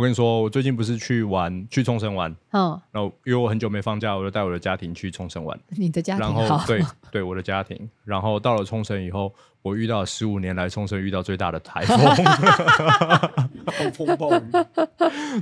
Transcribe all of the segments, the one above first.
我跟你說，我最近不是去玩去沖繩玩，哦、然後因為我很久沒放假，我就帶我的家庭去沖繩玩。你的家庭然後好對對，我的家庭。然後到了沖繩以後，我遇到了十五年來沖繩遇到最大的颱風，狂風暴雨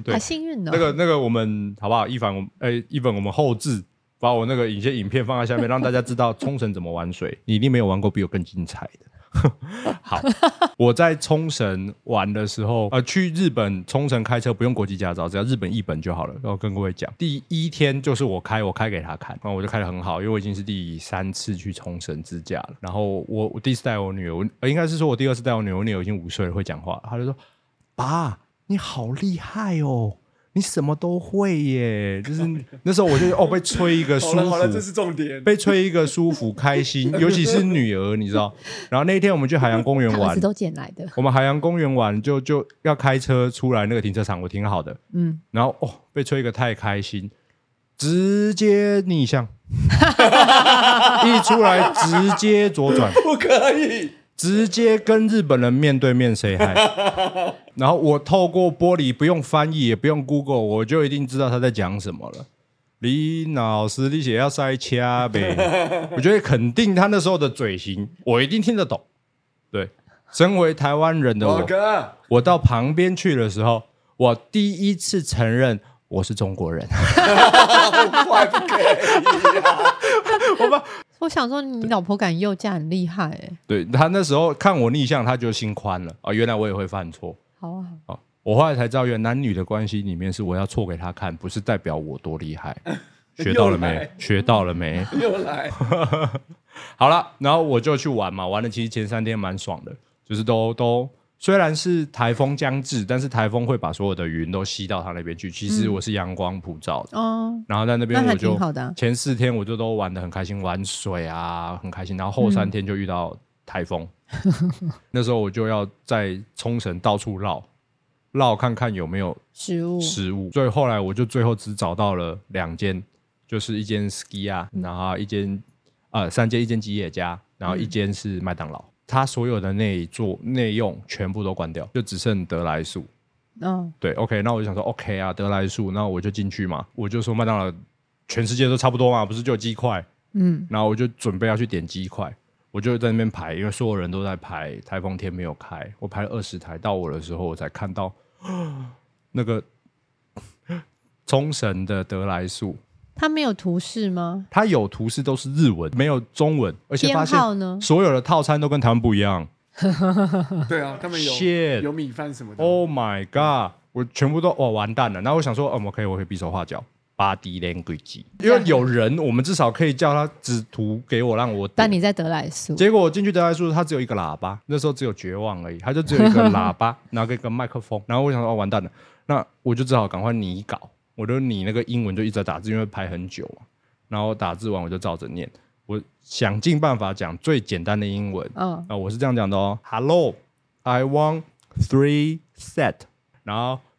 對，很幸運哦。那個那個，那個、我們好不好？一凡我們，我、欸、哎，一凡，我們後製把我那個一些影片，放在下面，讓大家知道沖繩怎麼玩水。 你一定沒有玩過比我更精彩的。 好， 我在沖繩玩的時候，呃、去日本沖繩開車不用國際駕照，只要日本一本就好了。然後跟各位講，第一天就是我開，我開給他看，然後、嗯、我就開得很好，因為我已經是第三次去沖繩自駕了。然後我我第一次帶我女兒，呃、應該是說我第二次帶我女兒，我女兒已經五歲了，會講話，他就說：“爸，你好厲害哦。”你什麼都會耶、欸，就是那時候我就哦被吹一個舒服，好了好了這是重點被吹一個舒服開心，尤其是女兒你知道。然後那一天我們去海洋公園玩，他們是都撿來的我們海洋公園玩就就要開車出來那個停車場，我挺好的，嗯。然後哦被吹一個太開心，直接逆向， 一出來直接左轉，不可以，直接跟日本人面對面，say hi。然後我透過玻璃，不用翻譯，也不用 Google，我就一定知道他在講什麼了。李老師，你想要塞車唄？我覺得肯定他那時候的嘴型，我一定聽得懂。對，身為台灣人的我，我，哥我到旁邊去的時候，我第一次承認我是中國人。我還我我想說，你老婆敢又嫁很厲害哎、欸。對他那時候看我逆向，他就心寬了啊、哦，原來我也會犯錯。好啊好啊，我後來才知道，原來男女的關係裡面是我要錯給他看，不是代表我多厲害。 學到了沒？ 來學到了沒？ 又來， 好了，然後我就去玩嘛，玩了其實前三天蠻爽的，就是都都雖然是颱風將至，但是颱風會把所有的雲都吸到他那邊去。其實我是陽光普照的哦，嗯、然後在那邊我就前四天我就都玩得很開心，玩水啊很開心，然後後三天就遇到颱風。嗯 那時候我就要在沖繩到處繞繞看看有沒有食物食物，所以後來我就最後只找到了兩間，就是一間 Ski 啊，然後一間啊、呃、三間一間吉野家，然後一間是麥當勞。它，嗯、所有的內座內用全部都關掉，就只剩得來速。嗯、哦，對，OK，那我就想說 OK 啊，得來速，那我就進去嘛，我就說麥當勞全世界都差不多嘛，不是就有雞塊？嗯，然後我就準備要去點雞塊。我就在那邊排，因為所有人都在排。台風天沒有開，我排了二十台，到我的時候我才看到，那個沖繩的得來速，他沒有圖示嗎？他有圖示，都是日文，沒有中文。而且發現，號，呢所有的套餐都跟台灣不一樣。 對啊，他們有 Shit. 有米飯什麼的。Oh my god！我全部都哦，完蛋了。然後我想說，嗯，我可以，我可以比手畫腳。Body language，因為有人，我們至少可以叫他只圖給我讓我。但你在得來速，結果我進去得來速，他只有一個喇叭，那時候只有絕望而已，他就只有一個喇叭，拿 一個麥克風，然後我想說，哦，完蛋了，那我就只好趕快擬稿，我就擬那個英文就一直在打字，因為排很久，然後打字完我就照着念，我想盡辦法講最簡單的英文，啊、哦呃，我是這樣講的哦，Hello，I want three set，然後。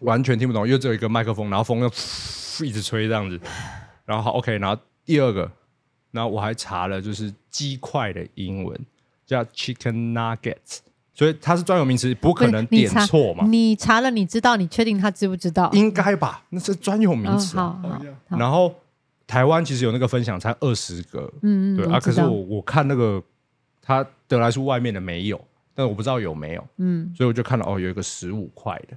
完全聽不懂，因為只有一個麥克風，然後風又一直吹這樣子，然後好 OK。然後第二個，然後我還查了，就是雞塊的英文叫 Chicken Nuggets，所以它是專有名詞，不可能點錯嘛。你查，你查了，你知道，你確定他知不知道？哦、應該吧，那是專有名詞。啊哦，然後台灣其實有那個分享，才二十個，嗯嗯，對嗯啊。可是我我看那個它得來速外面的沒有，但我不知道有沒有，嗯，所以我就看到哦，有一個十五塊的。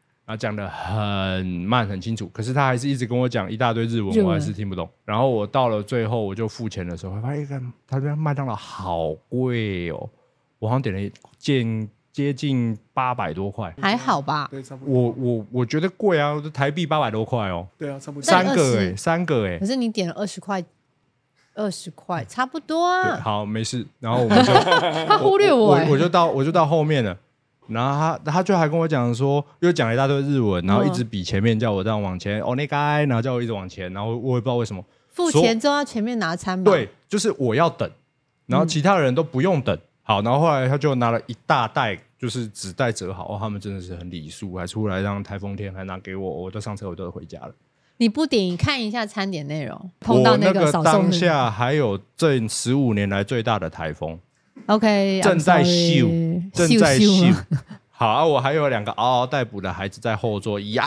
他講得很慢，很清楚，可是他還是一直跟我講一大堆日文，日文我還是聽不懂。然後我到了最後，我就付錢的時候，我發現一個，他說麥當勞好貴哦，我好像點了一件，接近八百多塊，還好吧？對，差不多。我我我覺得貴啊，台幣八百多塊哦。對啊，差不多三、欸。三個哎、欸，三個哎。可是你點了二十塊，二十塊差不多啊。好，沒事。然後我就 他忽略我，、欸、我，我，我，我就到我就到後面了。然後他他就還跟我講說，又講了一大堆日文，然後一直比前面叫我這樣往前，哦那個，然後叫我一直往前，然後我也不知道為什麼付錢就要以前面拿餐嗎？對，就是我要等，然後其他人都不用等。嗯、好，然後後來他就拿了一大袋，就是紙袋折好、哦，他們真的是很禮數，還出來讓颱風天還拿給我，哦、我就上車，我就回家了。你不點看一下餐點內容，碰到，那個，那個當下還有這十五年來最大的颱風。OK，正在修正在修。好，我還有兩個嗷嗷待哺的孩子在後座，呀，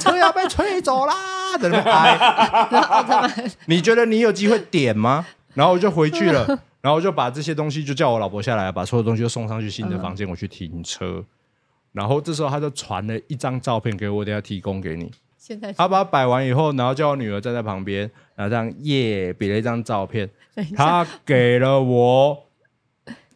車要被吹走啦！在那邊拍，你覺得你有機會點嗎？然後我就回去了，然後我就把這些東西就叫我老婆下來，把所有東西都送上去新的房間。我去停車，然後這時候他就傳了一張照片給我，等下提供給你。現在他把它擺完以後，然後叫我女兒站在旁邊，然後這樣耶比了一張照片，他給了我。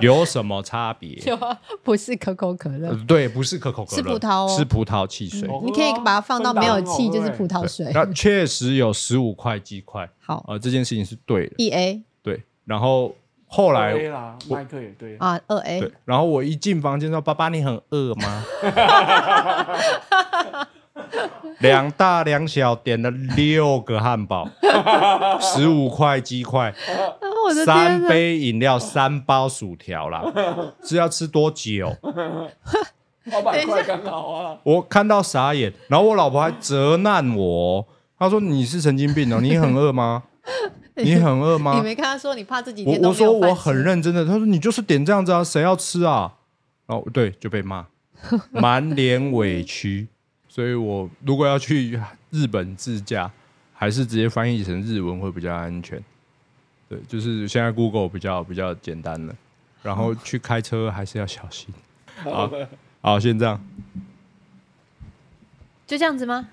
有什麼差別？不是可口可樂，對，不是可口可樂，是葡萄，是葡萄汽水。你可以把它放到沒有氣，就是葡萄水。那確實有十五塊雞塊。好，呃，這件事情是對的。一 A，對。然後後來，麥克也對啊，二 A。然後我一進房間說：“爸爸，你很餓嗎？”兩大兩小點了六個漢堡，十五塊雞塊。三杯飲料，三包薯條啦， 是要吃多久？ 老板，剛好啊！我看到傻眼，然後我老婆還責難我，她說：“你是神經病哦，你很餓嗎？你很餓嗎？” 你沒看她說你怕這幾天？我,我說我很認真的。她說：“你就是點這樣子啊，誰要吃啊？”哦，對，就被罵，滿臉委屈。 所以我如果要去日本自駕，還是直接翻譯成日文會比較安全。對，就是現在 Google 比較比較簡單了，然後去開車還是要小心。好，好，先這樣。就這樣子嗎？